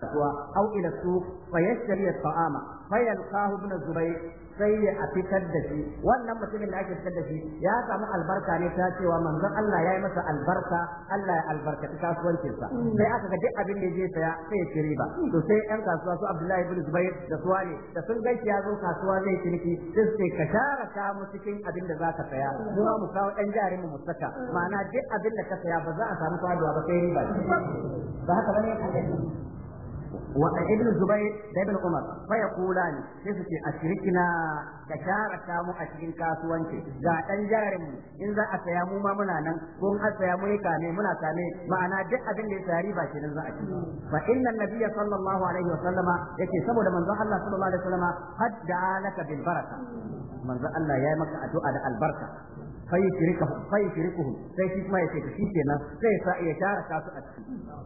su إلى ya فيشتري الطعام فيلقاه ابن الزبير sai ya a fitar da shi wannan mutumin da ake fitar da shi ya samu albarka ne ta cewa manzon Allah ya yi masa albarka Allah ya albarkaci kasuwancinsa sai aka ga duk abin da ya je saya sai ya ci riba to sai yan kasuwa su Abdullahi bin Zubair da ne da sun gaishe ya zo kasuwa zai ciniki sai sai ka share ka mu cikin abin da zaka saya mu mu kawo ɗan jarin mu mu saka ma'ana duk abin da ka saya ba za a samu faduwa ba sai riba ba haka bane wanda ibn zubair da ibn umar faya kula ne sai su ce a shirki na da kyara mu a cikin kasuwanci ga dan in za a saya mu ma muna nan ko in an saya mu kame muna kame ma'ana duk abin da ya tari ba kenan za a ci fa inna nabiyya sallallahu alaihi wa sallama yake saboda manzon Allah sallallahu alaihi wa sallama hadda alaka bil baraka Allah ya yi maka addu'a da albarka فيشركهم فيشرك ما يشرك في كنا فيشارك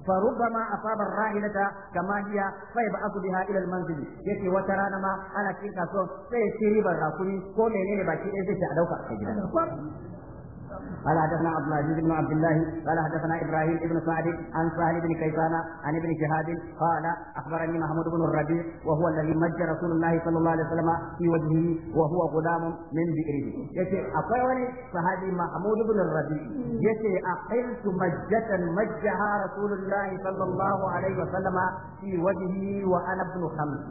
فربما أصاب الراحلة كما هي فيبعث بها إلى المنزل يكي وترانا ما أنا كيكا سو فيشرب الرسول كل يلي باكي إذا شعدوك أخي قال حدثنا عبد العزيز بن عبد الله قال حدثنا ابراهيم بن سعد عن سهل بن كيسان عن ابن شهاب قال اخبرني محمود بن الربيع وهو الذي مج رسول الله صلى الله عليه وسلم في وجهه وهو غلام من بئره يتي اقوى صحابي محمود بن الربيع يتي اقلت مجة مجها رسول الله صلى الله عليه وسلم في وجهه وانا ابن خمس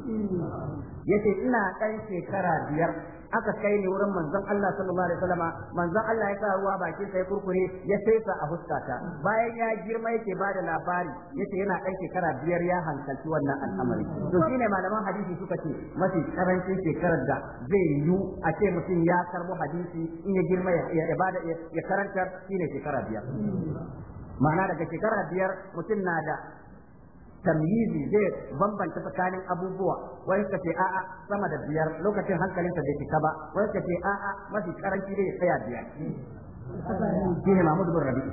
يتي انا كان شكرا biyar aka kai ni wurin manzon Allah sallallahu alaihi wasallama manzon Allah ya sa ruwa bakin sa ya kurkure ya fesa a huskata bayan ya girma yake bada labari yace yana dan shekara biyar ya hankalci wannan al'amari to shine malaman hadisi suka ce mafi karancin shekarar da zai yiwu a ce mutum ya karbo hadisi in ya girma ya bada ya karanta shine shekara biyar ma'ana daga shekara biyar mutum na da tamyizi zai bambanta tsakanin abubuwa wai ka ce a'a sama da biyar lokacin hankalinsa bai fita ba wai ka ce a'a mafi karanci zai tsaya biyar shine Mahmud bin Rabi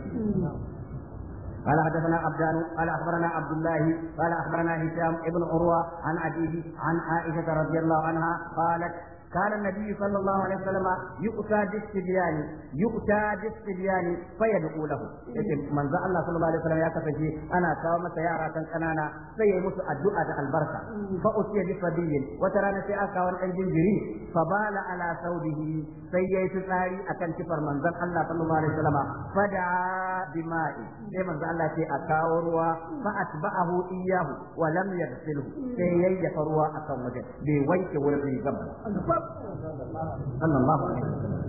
قال حدثنا عبدان قال اخبرنا عبد الله قال اخبرنا هشام ابن عروه عن ابيه عن عائشه رضي الله عنها قالت كان النبي صلى الله عليه وسلم يؤتى بالصبيان يؤتى بالصبيان فيدعو له من ذا الله صلى الله عليه وسلم يا كفجي انا كاو مسا يارا كان كنانا سي مس الدعاء البركه فأتي بصبي وترانا سي اكا وان ان جنجري فبال على ثوبه سي يتساري اكن كفر من ذا الله صلى الله عليه وسلم فدعا بماء sai manzo Allah sai a kawo ruwa fa atba'ahu iyyahu wa lam yaghsilhu sai yayyafa ruwa akan wajen bai wanke wurin rigar ba sallallahu الله wasallam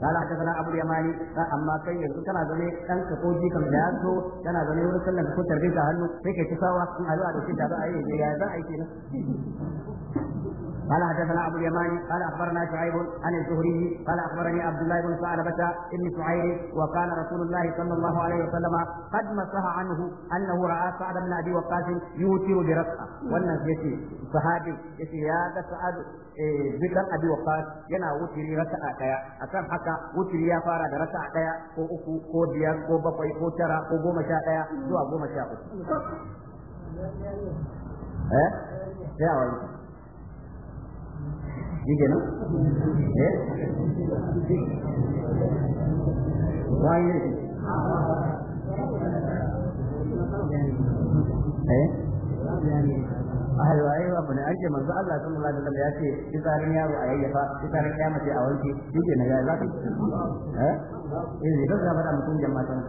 قال حدثنا ابو اليماني اما كان يزو كان زني دان كو جي كان يا كان زني ورسلنا كو تربيه هانو سيكي تساوا ان الله da shi da ba a yi ya قال حدثنا ابو اليمان قال اخبرنا شعيب عن الزهري قال اخبرني عبد الله بن سعد بتا ابن سعير وقال رسول الله صلى الله عليه وسلم قد مسح عنه انه راى سعد بن ابي وقاص يوتر برقه والناس يتي صحابي يتي يا سعد إيه، ذكر ابي وقاص ينا وتر رقه كيا اسام حكا وتر يا فارا درسا كيا او اكو كو ديان كو بباي كو ترى كو غوما شا كيا زوا غوما شا اكو إيه؟ ها يا والله ठीक है ना waye eh? alwaye ba bane an manzo Allah ya ce yaro a yayyafa a wanke shi na ya eh da zama da mutum jama'a tan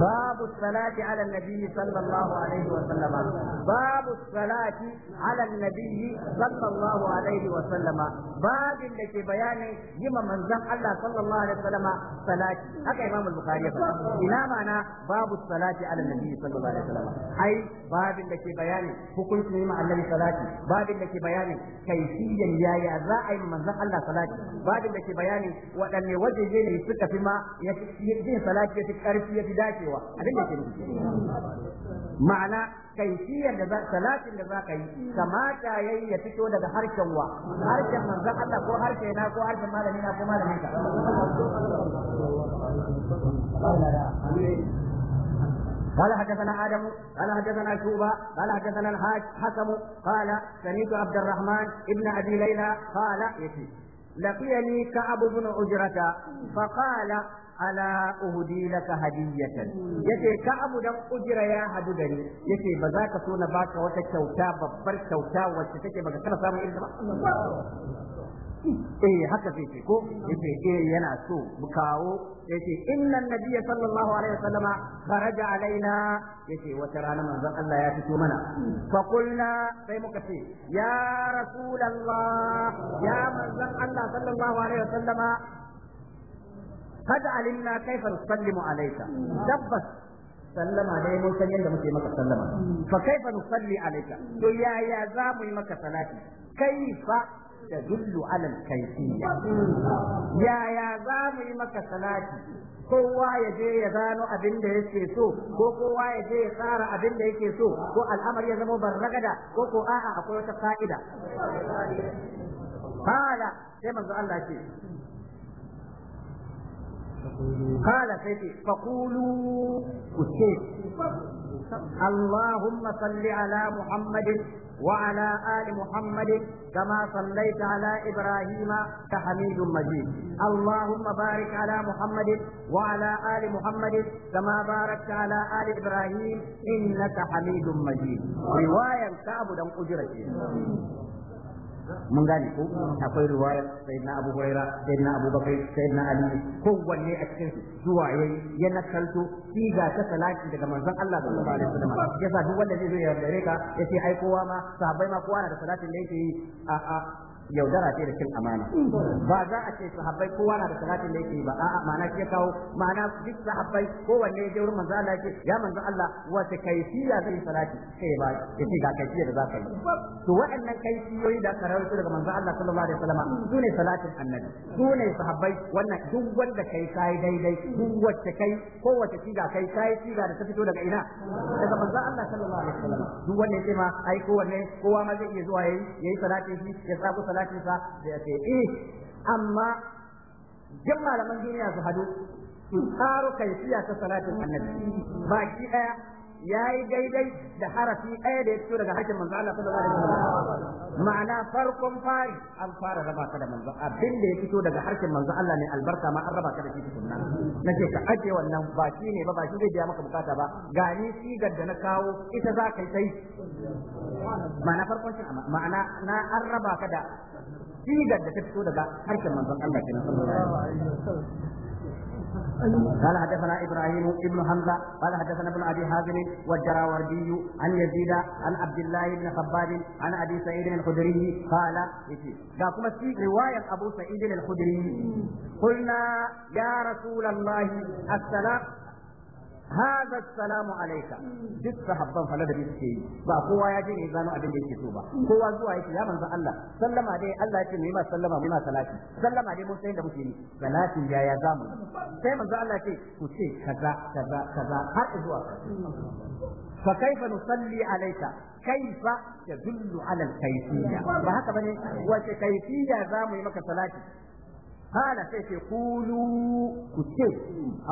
babu salati ala nabi sallallahu alaihi wa sallama babu salati ala nabi sallallahu alaihi wa sallama babin da ke bayanin yima manzon Allah sallallahu alaihi wa sallama salati haka imam al-bukhari ya faɗa ina mana babu salati ala nabi sallallahu alaihi wa sallama ai babin da ke bayanin hukuncin yima annabi salati babin da ke bayanin kaifiyan yaya za a yi manzon Allah salati babin da ke bayanin waɗanne wajen waɗansu yanayi suka fi ma yin salati ya fi ƙarfi ya fi dacewa abin da ke ma'ana kaifiyar da salatin da za ka yi kamata yayi ya fito daga harshen wa harshen manzon Allah ko harshen na ko harshen malami na ko malamin ka قال حدثنا آدم قال حدثنا شوبة قال حدثنا الحاج حكم قال سمعت عبد الرحمن ابن أبي ليلى قال يتي لقيني كعب بن أجرة فقال ألا أهدي لك هدية يتي كعب دم أجرة يا هدودني يتي بذاك سونا باك وتكوتا ببر كوتا وتكي بغسل سامي إذن eh haka sai ce ko yace eh yana so mu kawo yace innan nabiyya sallallahu alaihi wasallama faraja alaina yace wata rana manzon Allah ya fito mana fa qulna sai muka ce ya rasulullah ya manzon Allah sallallahu alaihi wasallama قد علمنا كيف نسلم عليك Tabbas sallama dai mun san yadda muke maka sallama fa fa nusalli alayka to yaya za mu yi maka salati fa. تدل على al يا يا زامي za mu maka kowa ya je ya gano abin da yake so ko kowa ya je ya tsara abin da yake so ko al'amari ya zama barragada ko ko a'a akwai wata fa'ida kala sai manzo Allah ce kala sai ce faqulu ku ce اللهم صل على محمد وعلى آل محمد كما صليت على إبراهيم كحميد مجيد اللهم بارك على محمد وعلى آل محمد كما باركت على آل إبراهيم إنك حميد مجيد رواية كعب دم أجرتي mun gane ko akwai sai na Abu Huraira na Abu sai na Ali kowanne a cikin su zuwa yayi ya shi ga ta salati daga manzon Allah sallallahu alaihi wasallam yasa duk wanda zai zo ya dare ka yace ai kowa ma sahabbai ma kowa na da salatin da yake yi a a yaudara ce da cin amana ba za a ce sahabbai kowa na da salatin da yake ba a'a ma'ana ke kawo ma'ana duk sahabbai kowanne ya je wurin manzo Allah ke. ya manzo Allah wace kaifiya zai salati sai ba yace ga kaifiya da za ka yi to waɗannan kaifiyoyi da karawai daga manzo Allah sallallahu alaihi wasallam su ne salatin annabi su ne sahabbai wannan duk wanda kai kai daidai duk wacce kai ko kowace siga kai kai siga da ta fito daga ina daga manzo Allah sallallahu alaihi wasallam duk wanda yake ma ai kowanne kowa ma zai iya zuwa yayi yayi salatin shi ya sabo masallacin da ya ce eh amma duk malaman duniya su hadu su kai siya ta salatin annabi baki daya yayi daidai da harafi ɗaya da ya fito daga harshen manzo Allah sallallahu alaihi wasallam ma'ana farkon fari an fara raba ka da manzo abin da ya fito daga harshen manzo Allah ne albarka ma an raba ka da shi tukunna nake ka aje wannan ba shi ne ba ba shi zai biya maka bukata ba gani sigar da na kawo ita za ka yi sai ma'ana farkon shi ma'ana na an raba ka da sigar da ta fito daga harshen manzo Allah kenan sallallahu alaihi wasallam قال حدثنا ابراهيم بن حمزه قال حدثنا ابن ابي حازم والجراوردي عن يزيد عن عبد الله بن خباب عن ابي سعيد الخدري قال ذا كما في روايه ابو سعيد الخدري قلنا يا رسول الله السلام هذا salamu عليك duk sahabban fa ladabi suke yi ba kowa ya je ne gano abin da yake so ba kowa zuwa yake ya manzo Allah sallama dai Allah yake mai ma sallama mai ma salati sallama dai mun sai da muke yi salatin ya ya zamu sai manzo Allah ce ku ce kaza kaza kaza har zuwa fa kaifa nusalli alayka kaifa tadullu ala al-kayfiyya ba haka bane wace za mu yi maka salati قال سيتي قولوا كتب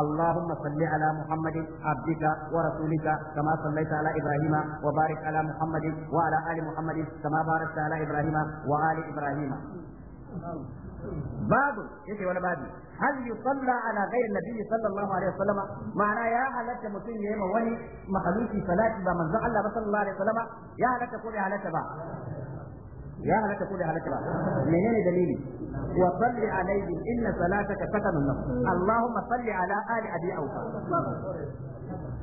اللهم صل على محمد عبدك ورسولك كما صليت على إبراهيم وبارك على محمد وعلى آل محمد كما باركت على إبراهيم وآل إبراهيم باب يجي ولا باب هل يصلى على غير النبي صلى الله عليه وسلم معنى يا هلك متين يما وني مخلوقي صلاتي بمن الله صلى الله عليه وسلم يا هلك كوري هلك با ya halarta ko da halaka ba menene dalili wa salli alaihi inna salataka sakanun lahu allahumma salli ala ali abi aufa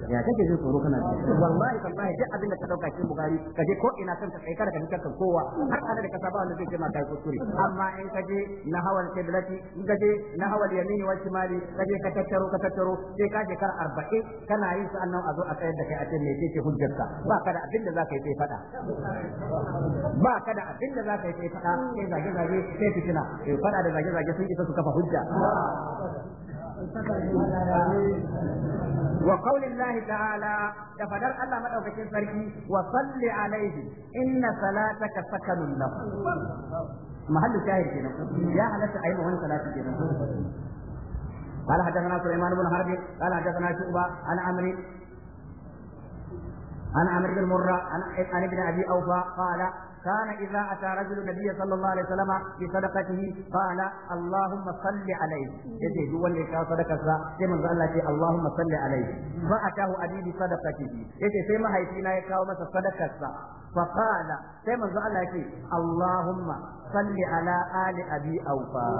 ya kake jin tsoro kana wallahi tallahi duk abin da ka dauka cikin bukari ka je ko ina kanka kai kada ka fitar kan kowa har ana da kasa ba wanda zai ce ma kai kuskure amma in ka je na hawal kiblati in ka je na hawal yamini wa shimali ka je ka tattaro ka tattaro sai ka je kar 40 kana yin su annan a zo a tsayar da kai a ce me yake hujjarka ba kada abin da zaka yi sai fada ba kada abin da zaka yi sai fada sai zage zage sai fitina sai eh, fada da zage zage sun isa su kafa hujja wa qaulillahi ta'ala da fadar Allah madaukakin sarki wa salli alaihi inna salataka sakanun lahu mahallu shahid ya halatta ayi wannan salati kenan قال حدثنا سليمان بن حرب قال حدثنا شعبة كان إذا أتى رجل النبي صلى الله عليه وسلم بصدقته قال اللهم صل عليه يجي هو اللي كان صدقة كما قال الله اللهم صل عليه فأتاه أبي بصدقته يجي سيما هيتينا يكاو مثل صدقة فقال سيما قال الله اللهم صل على آل أبي أوفا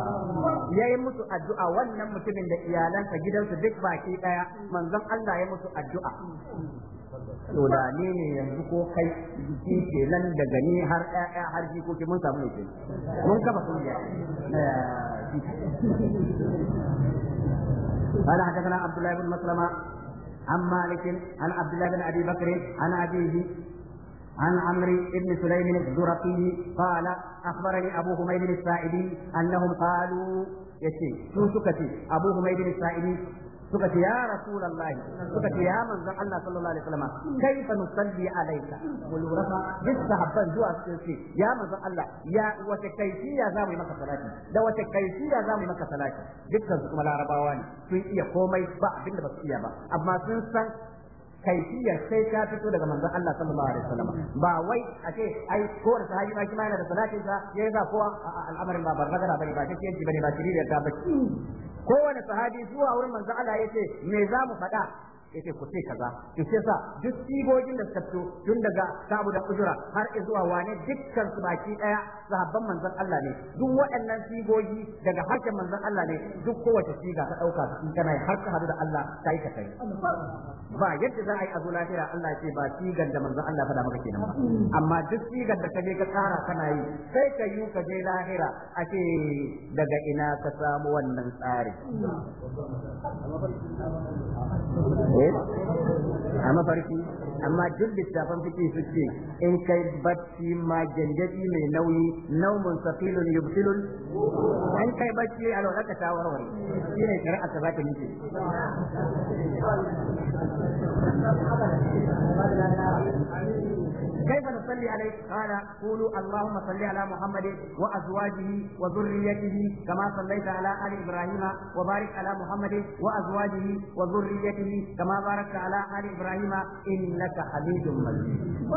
yayi musu addu'a wannan mutumin da iyalansa gidansa duk baki daya manzon Allah ya musu addu'a to ne yanzu ko kai jiki ke nan daga ni har ɗaya har ke mun samu ne mun kafa kungiya قال حدثنا عبد الله بن مسلمة عن مالك عن عبد الله بن أبي بكر عن أبيه عن عمرو بن سليم الزرقي قال اخبرني ابو حميد الساعدي انهم قالوا يتي شو سكتي ابو حميد الساعدي suka ce ya rasulullahi suka ce ya manzon Allah sallallahu alaihi wasallam kaifa nusalli alayka wal rafa duk sahabban zuwa su ya manzon Allah ya wace kaifiya za mu yi maka salati da wace kaifiya za mu yi maka salati dukkan su kuma larabawa ne sun iya komai ba abinda ba su iya ba amma sun san kaifiyar sai ta fito daga manzon Allah sallallahu alaihi wasallam ba wai a ce ai ko da sahabi ba shi yana da salatin sa yayi za kowa al'amarin ba barnagara bane ba ce yanki bane ba shiriyar ta ba kowane sahabi zuwa wurin manzon Allah yace me za mu faɗa yace ku ce kaza to sai sa duk sibogin da suka fito tun daga sabu da ujura har zuwa wane dukkan su baki daya sahabban manzon Allah ne duk waɗannan sigogi daga harshen manzon Allah ne duk kowace siga ka dauka in kana har ka hadu da Allah kai ka kai ba yadda za a yi azu lafiya Allah ce ba sigan da manzon Allah faɗa maka kenan amma duk sigan da kaje ka tsara kana yi sai ka yi ka je lahira a ce daga ina ka samu wannan tsari Eh? a mafarki amma duk littafan fiki suke in kai bacci ma gangadi mai nauyi naumun safilun yubtilun in kai bacci a lokacin ta warware shi ne shari'a ta ta كيف نصلي عليه قال قولوا اللهم صل على محمد وأزواجه وذريته كما صليت على آل إبراهيم وبارك على محمد وأزواجه وذريته كما باركت على آل إبراهيم إنك حميد مجيد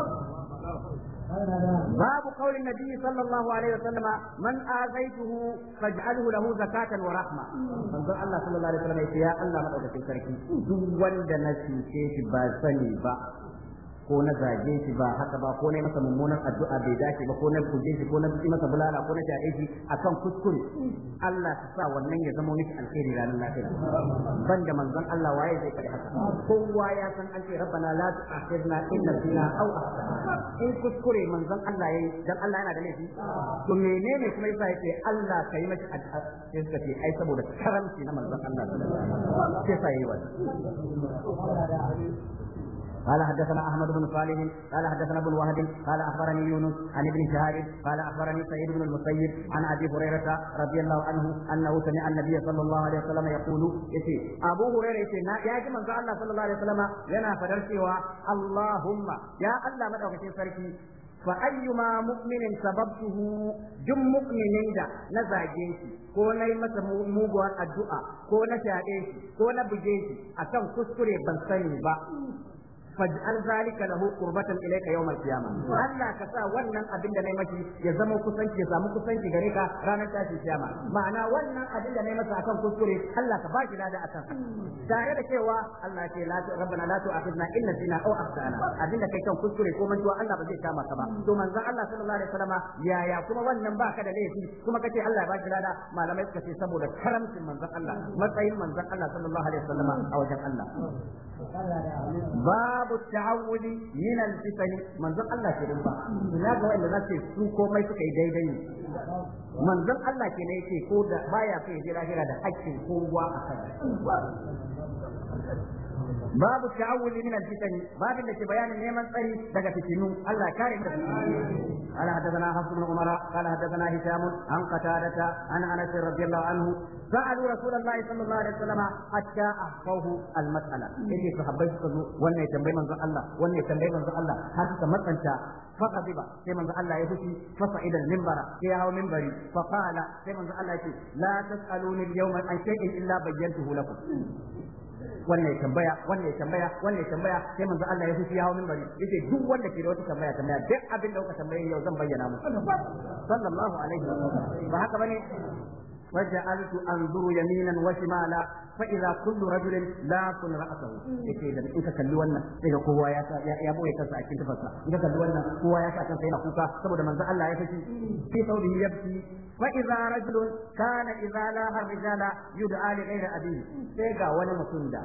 باب قول النبي صلى الله عليه وسلم من آذيته فاجعله له زكاة ورحمة منظر الله صلى الله عليه وسلم يا الله ما أوجدت سركي دون دنسي كيف باسني با ko na zage shi ba haka ba ko na masa mummunan addu'a bai dace ba ko na kuje shi ko na yi masa bulala ko na shaɗe shi akan kuskure Allah ta sa wannan ya zama wani alheri ranar lafiya ban da manzon Allah waye zai kare haka kowa ya san an ce rabbana la tu'akhidna in nasina aw akhtana in kuskure manzon Allah yayi dan Allah yana da laifi to menene kuma yasa yake Allah kai miki addu'a sai suka ce ai saboda karamci na manzon Allah sallallahu alaihi wasallam sai sai wannan قال حدثنا احمد بن صالح قال حدثنا ابن وهب قال اخبرني يونس عن ابن شهاب قال اخبرني سعيد بن المسيب عن ابي هريره رضي الله عنه انه سمع النبي صلى الله عليه وسلم يقول يتي ابو هريره يتي نا يا من الله صلى الله عليه وسلم ينا فدر اللهم يا الله مدوكين سركي فأيما مؤمن سببته جم مؤمن دا نزاجين ko na yi masa muguwar addu'a ko na shaɗe shi ko na buge shi akan kuskure ban sani ba faj'al zalika lahu qurbatan ilayka yawm al-qiyamah Allah ka sa wannan abin da nayi maki ya zama kusanci ya samu kusanci gare ka ranar tashi kiyama ma'ana wannan abin da nayi masa akan kuskure Allah ka baki lada akan tare da cewa Allah ke la rabbana la tu'akhidna in nasina aw akhtana abin da kai kan kuskure ko mantuwa Allah ba zai kama ka ba to manzon Allah sallallahu alaihi wasallam yaya kuma wannan baka da laifi kuma kace Allah ya baki lada malamai suka ce saboda karamcin manzon Allah matsayin manzon Allah sallallahu alaihi wasallam a wajen Allah babu babu ta'awudi min al-fitan manzon Allah kenan ba ina ga wanda zace su komai suka yi daidai ne manzon Allah kenan yake ko da baya so ya je da hakkin kowa a kai babu ta'awuli min al-fitan babin da ke bayanin neman tsari daga fitinu Allah kare mu daga ala hadathana hasan bin umara qala hadathana hisam an qatadata an anas radiyallahu anhu sa'alu rasulullahi sallallahu alaihi wasallam hatta ahfahu al-mas'ala yake sahabbai suka zo wannan ya tambayi manzon Allah wannan ya tambayi manzon Allah har suka matsanta فغضب سيما الله يهشي فصعد المنبر في هاو منبري فقال سيما الله لا تسألوني اليوم عن شيء إلا بينته لكم wannan ya tambaya wannan ya tambaya wannan ya tambaya sai manzo Allah ya fi ya hawo minbari yace duk wanda ke da wata tambaya tambaya duk abin da kuka tambaye yau zan bayyana muku sallallahu alaihi wa sallam ba haka bane فجعلت انظر يمينا وشمالا فاذا كل رجل لاف راسه yake da in ka kalli wannan sai ga kowa ya ya boye kansa a cikin tafasa in ka kalli wannan kowa ya sa kansa na kuka saboda manzo Allah ya kace fi saudi yabki fa idza rajulun kana idza laha rijala yud'a li ghayri abihi sai ga wani mutum da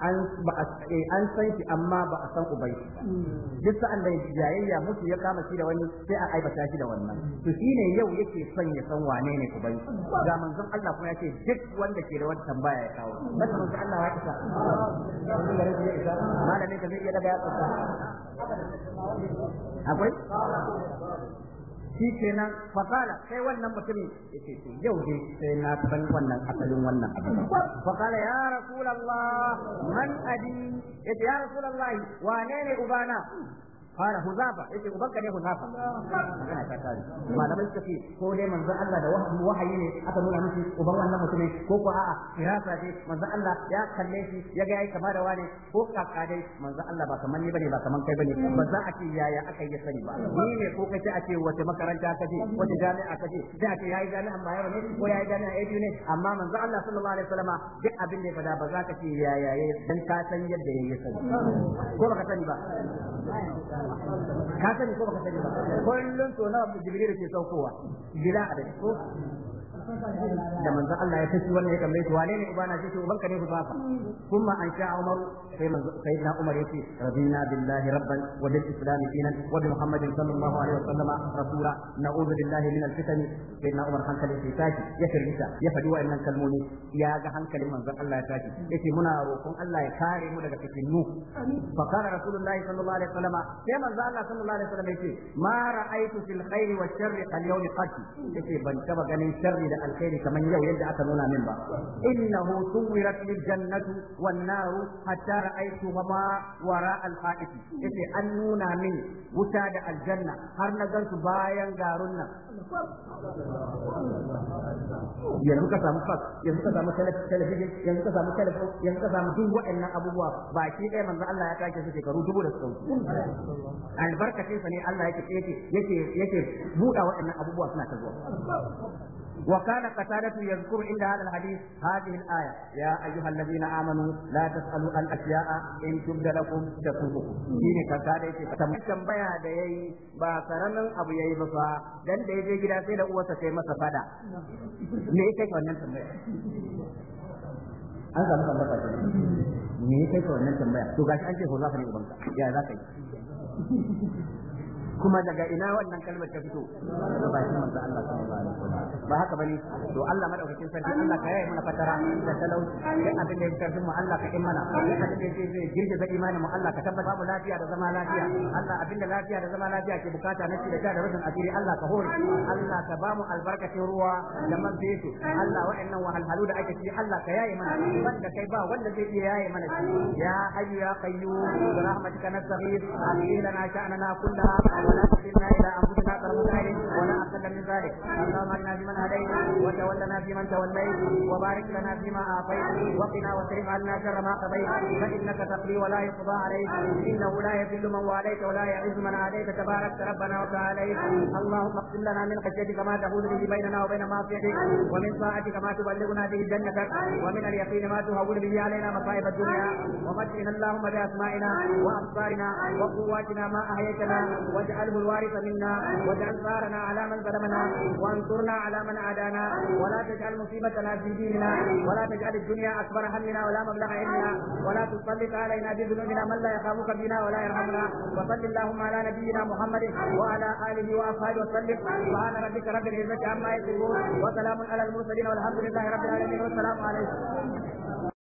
an ba a, eh, san shi amma ba a san ubai shi ba hmm. duk sa'an da yayayya mutu ya kama shi da wani sai a aibata shi da wannan hmm. to shine yau yake son ya san wane ne ubai hmm. ga manzon Allah kuma yace duk wanda ke da wata tambaya ya kawo bata manzon Allah ya isa malamin ka zai iya daga ya tsaka akwai shi kenan fakala sai wannan mutumin yace to yau dai sai na san wannan asalin wannan abin fakala ya rasulullah man abi yace ya rasulullah wane ne ubana قال huzafa يجي أبكى ne حذافة malamai suka ce ko dai manzon Allah da wahayi ne aka nuna mishi uban wannan ko ko a'a firasa ce manzon Allah ya kalle shi ya ga yayi kama da wani ko kaka dai manzon Allah ba kaman ni bane ba kaman kai bane ba za a ce yaya aka yi sani ba ni ne ko kace a ce wace makaranta kace wace jami'a je. sai a ce yayi jami'an bayar ne ko yayi jami'a ABU ne amma manzon Allah sallallahu alaihi wasallama duk abin da ya fada ba za ka ce yaya yayi dan ka san yadda yayi sani ko baka sani ba ka sani ko baka sani ba kullum to na jibril ke saukowa a adadi ko da manzon Allah ya tafi wannan ya kalle shi wane ne ubana shi ubanka ne huzafa kuma an sha Umar sai manzon sayyidina Umar yace radina billahi rabban wa bil islam dinan wa bi muhammadin sallallahu alaihi wa sallama rasula na'udhu billahi min al fitani sayyidina Umar hankali sai tashi ya firgita ya fadi wa'annan kalmomi ya ga hankalin manzon Allah ya tashi yace muna roƙon Allah ya kare mu daga fitinu fa kana rasulullahi sallallahu alaihi wa sallama sai manzon Allah sallallahu alaihi wa sallama yace ma ra'aytu fil khairi wa sharri al yawm qad yace ban taba ganin sharri da alkhairi kamar yau yadda aka nuna min ba innahu suwirat lil jannatu wan naru hatta ra'aytu ma wara al ha'iti yace an nuna min wuta da aljanna har na gansu bayan garun nan yanzu ka samu fax yanzu ka samu talabijin yanzu ka samu telefon yanzu ka samu duk waɗannan abubuwa baki ɗaya manzo Allah ya take su shekaru dubu da suka wuce albarkacin sa ne Allah yake yake yake yake buɗa waɗannan abubuwa suna ta zuwa وكان قتادة يذكر عند هذا الحديث هذه الآية يا أيها الذين آمنوا لا تسألوا عن أشياء إن تبد لكم تسوكم شيني قتادة تمكن بها دي با سرمن أبو يبصا دن دي دي جدا سيدا أوى سيما سفادا ليكيك ونن تنبيه an samu tambaya ta me yake ka wannan tambaya to gashi an ce ko za ka ne ubanka ya kuma daga ina wannan kalmar ta fito bakin manzo Allah ba haka bane to Allah madaukakin sarki Allah ka yaye mana fatara da talauci abin da mu Allah ka in mana imanin mu Allah ka tabbata mu lafiya da zama lafiya Allah abin da lafiya da zama lafiya ke bukata na da da rashin asiri Allah ka hore Allah ka ba mu albarkacin ruwa da man fesu Allah wa'annan wahalhalu da ake ciki Allah ka yaye mana wanda kai ba wanda zai iya yaye mana ya hayyu ya qayyum bi rahmatika nastaghith amin lana sha'nana kullaha ولا تكلنا الى انفسنا طرفة عين ولا اقل من ذلك اللهم اجعلنا فيمن هديت وتولنا فيمن توليت وبارك لنا فيما اعطيت وقنا واصرف عنا شر ما قضيت فانك تقضي ولا يقضى عليك انه لا يذل من واليت ولا يعز من عليك تبارك ربنا وتعاليت اللهم اقسم لنا من خشيتك ما تحول به بيننا وبين معصيتك ومن طاعتك ما تبلغنا به جنتك ومن اليقين ما تهول به علينا مصائب الدنيا ومتعنا اللهم باسمائنا وابصارنا وقواتنا ما احييتنا واجعل واجعله الوارث منا واجعل ثارنا على من ظلمنا وانصرنا على من عادانا ولا تجعل مصيبتنا في ديننا ولا تجعل الدنيا اكبر همنا ولا مبلغ علمنا ولا تسلط علينا بذنوبنا من لا يخافك بنا ولا يرحمنا وصل اللهم على نبينا محمد وعلى اله واصحابه وسلم سبحان ربك رب العزه عما يصفون وسلام على المرسلين والحمد لله رب العالمين والسلام عليكم